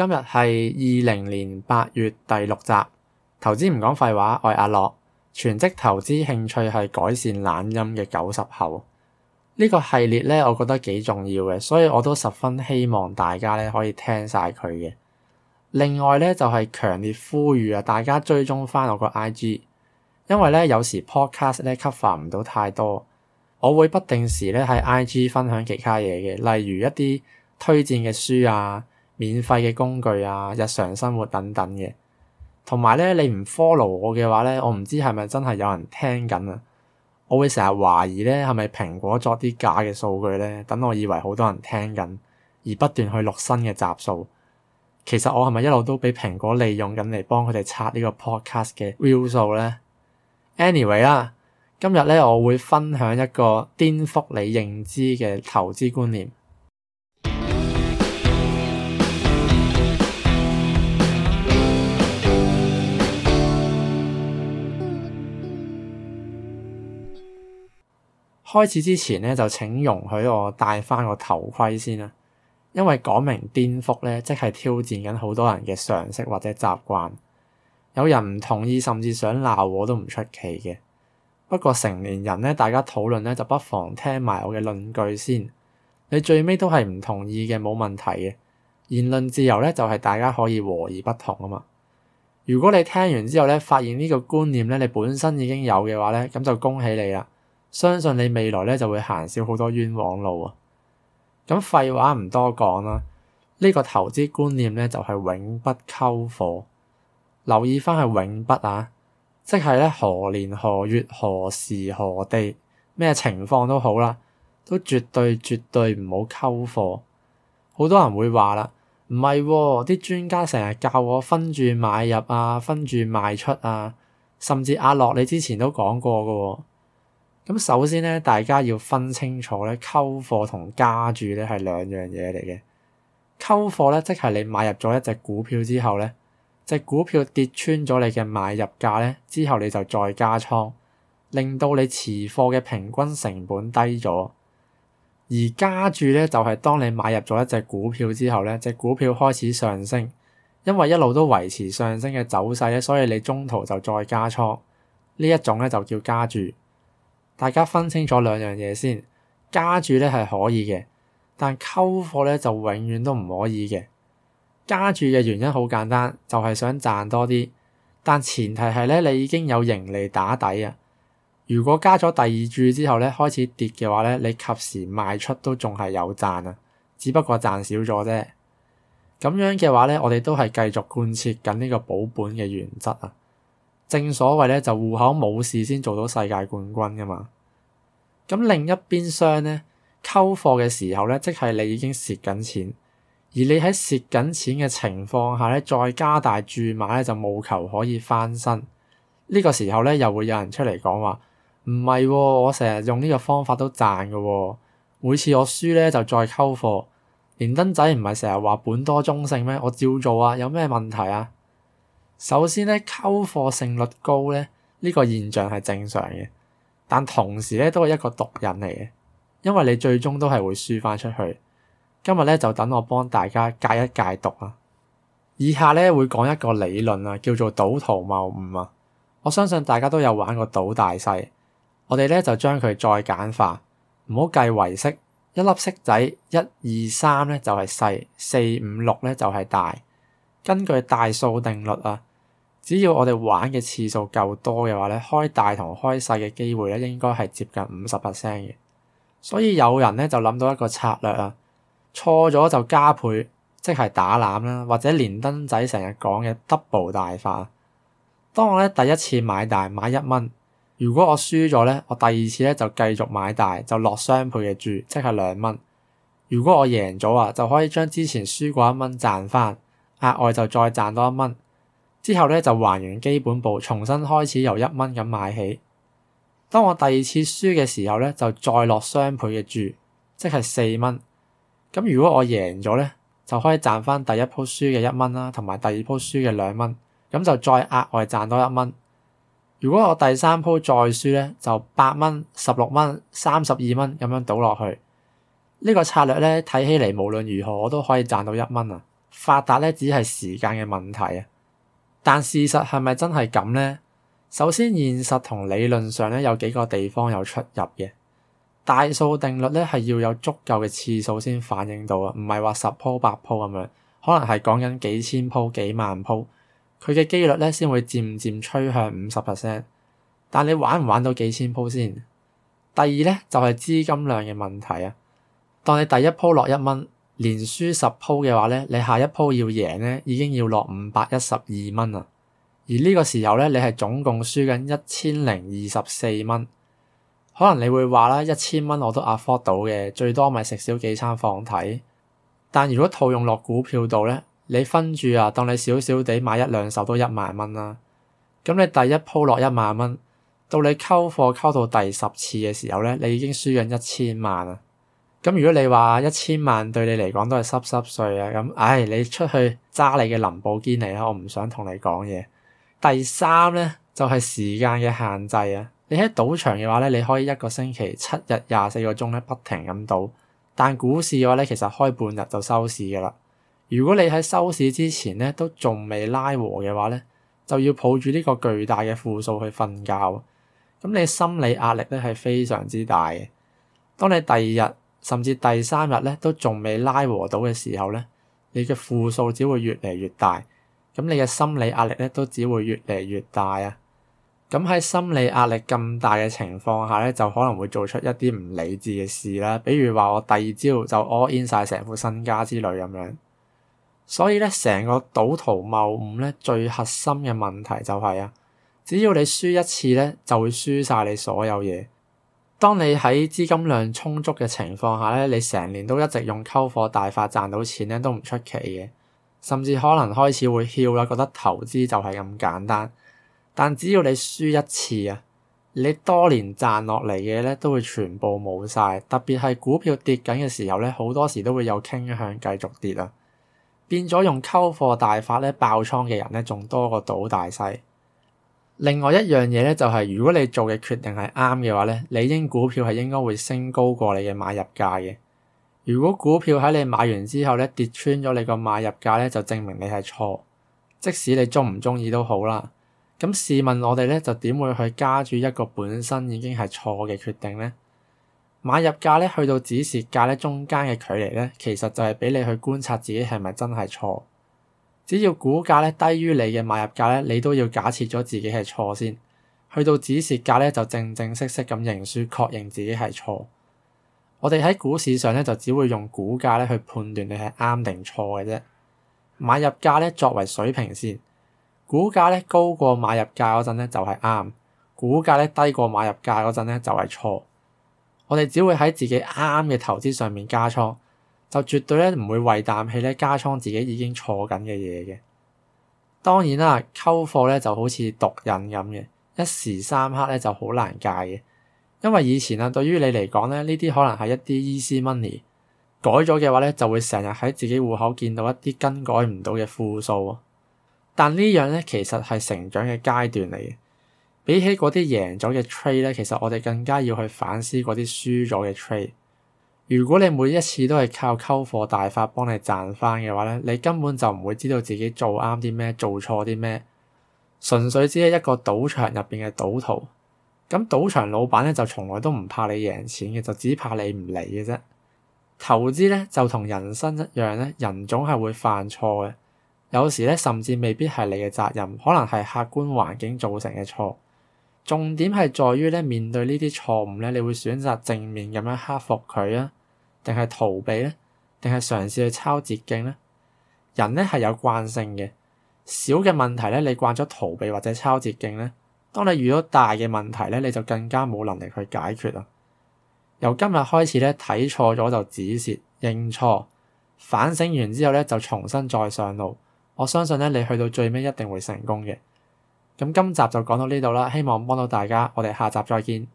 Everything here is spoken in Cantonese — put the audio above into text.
今日係二零年八月第六集，投資唔講廢話，我係阿樂，全職投資興趣係改善懶音嘅九十後呢、這個系列咧，我覺得幾重要嘅，所以我都十分希望大家咧可以聽晒佢嘅。另外咧就係強烈呼籲啊，大家追蹤翻我個 I G，因為咧有時 podcast 咧 cover 唔到太多，我會不定時咧喺 I G 分享其他嘢嘅，例如一啲推薦嘅書啊。免費嘅工具啊，日常生活等等嘅，同埋咧你唔 follow 我嘅話咧，我唔知係咪真係有人聽緊啊！我會成日懷疑咧係咪蘋果作啲假嘅數據咧，等我以為好多人聽緊而不斷去錄新嘅集數。其實我係咪一路都俾蘋果利用緊嚟幫佢哋刷呢個 podcast 嘅 view 數咧？Anyway 啦，今日咧我會分享一個顛覆你認知嘅投資觀念。開始之前咧，就請容許我戴翻個頭盔先啦，因為講明顛覆咧，即係挑戰緊好多人嘅常識或者習慣。有人唔同意，甚至想鬧我都唔出奇嘅。不過成年人咧，大家討論咧，就不妨聽埋我嘅論據先。你最尾都係唔同意嘅，冇問題嘅。言論自由咧，就係大家可以和而不同啊嘛。如果你聽完之後咧，發現呢個觀念咧，你本身已經有嘅話咧，咁就恭喜你啦。相信你未來咧就會行少好多冤枉路啊！咁廢話唔多講啦，呢個投資觀念咧就係永不溝貨。留意翻係永不啊，即係咧何年何月何時何地咩情況都好啦，都絕對絕對唔好溝貨。好多人會話啦，唔係啲專家成日教我分住買入啊，分住賣出啊，甚至阿樂你之前都講過噶喎。咁首先咧，大家要分清楚咧，溝貨同加注咧係兩樣嘢嚟嘅。溝貨咧，即係你買入咗一隻股票之後咧，隻股票跌穿咗你嘅買入價咧，之後你就再加倉，令到你持貨嘅平均成本低咗。而加注咧，就係當你買入咗一隻股票之後咧，隻股票開始上升，因為一路都維持上升嘅走勢咧，所以你中途就再加倉。呢一種咧，就叫加注。大家分清楚兩樣嘢先，加注咧係可以嘅，但溝貨咧就永遠都唔可以嘅。加注嘅原因好簡單，就係想賺多啲，但前提係咧你已經有盈利打底啊。如果加咗第二注之後咧，開始跌嘅話咧，你及時賣出都仲係有賺啊，只不過賺少咗啫。咁樣嘅話咧，我哋都係繼續貫徹緊呢個保本嘅原則啊。正所謂咧，就戶口冇事先做到世界冠軍噶嘛。咁另一邊廂咧，溝貨嘅時候咧，即係你已經蝕緊錢，而你喺蝕緊錢嘅情況下咧，再加大注碼咧，就冇求可以翻身。呢、這個時候咧，又會有人出嚟講話，唔係、哦，我成日用呢個方法都賺噶、哦，每次我輸咧就再溝貨。連登仔唔係成日話本多終勝咩？我照做啊，有咩問題啊？首先咧，溝貨勝率高咧，呢個現象係正常嘅，但同時咧都係一個毒癮嚟嘅，因為你最終都係會輸翻出去。今日咧就等我幫大家戒一戒毒啊！以下咧會講一個理論啊，叫做賭徒謬誤啊！我相信大家都有玩過賭大細，我哋咧就將佢再簡化，唔好計圍色，一粒骰仔一二三咧就係細，四五六咧就係大，根據大數定律啊！只要我哋玩嘅次數夠多嘅話咧，開大同開細嘅機會咧，應該係接近五十 percent 嘅。所以有人咧就諗到一個策略啊，錯咗就加倍，即係打纜啦，或者連登仔成日講嘅 double 大法。當我咧第一次買大買一蚊，如果我輸咗咧，我第二次咧就繼續買大，就落雙倍嘅注，即係兩蚊。如果我贏咗啊，就可以將之前輸過一蚊賺返，額外就再賺多一蚊。之後咧就還完基本步，重新開始由一蚊咁買起。當我第二次輸嘅時候咧，就再落雙倍嘅注，即係四蚊。咁如果我贏咗咧，就可以賺翻第一鋪輸嘅一蚊啦，同埋第二鋪輸嘅兩蚊，咁就再額外賺多一蚊。如果我第三鋪再輸咧，就八蚊、十六蚊、三十二蚊咁樣倒落去呢，這個策略咧，睇起嚟無論如何我都可以賺到一蚊啊！發達咧只係時間嘅問題啊！但事實係咪真係咁呢？首先，現實同理論上咧有幾個地方有出入嘅。大數定律咧係要有足夠嘅次數先反映到啊，唔係話十鋪八鋪咁樣，可能係講緊幾千鋪、幾萬鋪，佢嘅幾率咧先會漸漸趨向五十 percent。但你玩唔玩到幾千鋪先？第二咧就係資金量嘅問題啊。當你第一鋪落一蚊，連輸十鋪嘅話咧，你下一鋪要贏咧，已經要落五百一十二蚊啦。而呢個時候咧，你係總共輸緊一千零二十四蚊。可能你會話啦，一千蚊我都 afford 到嘅，最多咪食少幾餐放題。但如果套用落股票度咧，你分住啊，當你少少地買一兩手都一萬蚊啦。咁你第一鋪落一萬蚊，到你溝貨溝到第十次嘅時候咧，你已經輸緊一千萬啊！咁如果你話一千萬對你嚟講都係濕濕碎啊，咁唉，你出去揸你嘅林寶堅尼啦！我唔想同你講嘢。第三咧就係時間嘅限制啊！你喺賭場嘅話咧，你可以一個星期七日廿四個鐘咧，不停咁賭，但股市嘅話咧，其實開半日就收市噶啦。如果你喺收市之前咧都仲未拉和嘅話咧，就要抱住呢個巨大嘅負數去瞓覺，咁你心理壓力咧係非常之大嘅。當你第二日，甚至第三日咧都仲未拉和到嘅時候咧，你嘅負數只會越嚟越大，咁你嘅心理壓力咧都只會越嚟越大啊！咁喺心理壓力咁大嘅情況下咧，就可能會做出一啲唔理智嘅事啦，比如話我第二朝就 all in 曬成副身家之類咁樣。所以咧，成個賭徒謬誤咧最核心嘅問題就係、是、啊，只要你輸一次咧，就會輸晒你所有嘢。當你喺資金量充足嘅情況下咧，你成年都一直用溝貨大法賺到錢咧，都唔出奇嘅，甚至可能開始會翹啦，覺得投資就係咁簡單。但只要你輸一次啊，你多年賺落嚟嘅咧都會全部冇晒，特別係股票跌緊嘅時候咧，好多時都會有傾向繼續跌啦，變咗用溝貨大法咧爆倉嘅人咧仲多過賭大細。另外一樣嘢咧，就係如果你做嘅決定係啱嘅話咧，理應股票係應該會升高過你嘅買入價嘅。如果股票喺你買完之後咧跌穿咗你個買入價咧，就證明你係錯，即使你鍾唔鍾意都好啦。咁試問我哋咧，就點會去加注一個本身已經係錯嘅決定咧？買入價咧去到指示價咧中間嘅距離咧，其實就係俾你去觀察自己係咪真係錯。只要股價咧低於你嘅買入價咧，你都要假設咗自己係錯先。去到止蝕價咧就正正式式咁認輸，確認自己係錯。我哋喺股市上咧就只會用股價咧去判斷你係啱定錯嘅啫。買入價咧作為水平線，股價咧高過買入價嗰陣咧就係啱，股價咧低過買入價嗰陣咧就係錯。我哋只會喺自己啱嘅投資上面加倉。就絕對咧唔會為啖氣咧，加倉自己已經錯緊嘅嘢嘅。當然啦，溝貨咧就好似毒癮咁嘅，一時三刻咧就好難戒嘅。因為以前啊，對於你嚟講咧，呢啲可能係一啲 easy money。改咗嘅話咧，就會成日喺自己戶口見到一啲更改唔到嘅負數。但呢樣咧，其實係成長嘅階段嚟嘅。比起嗰啲贏咗嘅 trade 咧，其實我哋更加要去反思嗰啲輸咗嘅 trade。如果你每一次都係靠溝貨大法幫你賺翻嘅話咧，你根本就唔會知道自己做啱啲咩，做錯啲咩。純粹只係一個賭場入邊嘅賭徒。咁賭場老闆咧就從來都唔怕你贏錢嘅，就只怕你唔嚟嘅啫。投資咧就同人生一樣咧，人總係會犯錯嘅。有時咧甚至未必係你嘅責任，可能係客觀環境造成嘅錯。重點係在於咧面對呢啲錯誤咧，你會選擇正面咁樣克服佢啊，定係逃避呢？定係嘗試去抄捷徑呢？人咧係有慣性嘅，小嘅問題咧你慣咗逃避或者抄捷徑咧，當你遇到大嘅問題咧，你就更加冇能力去解決啦。由今日開始咧，睇錯咗就止蝕認錯，反省完之後咧就重新再上路。我相信咧你去到最尾一定會成功嘅。咁今集就講到呢度啦，希望幫到大家。我哋下集再見。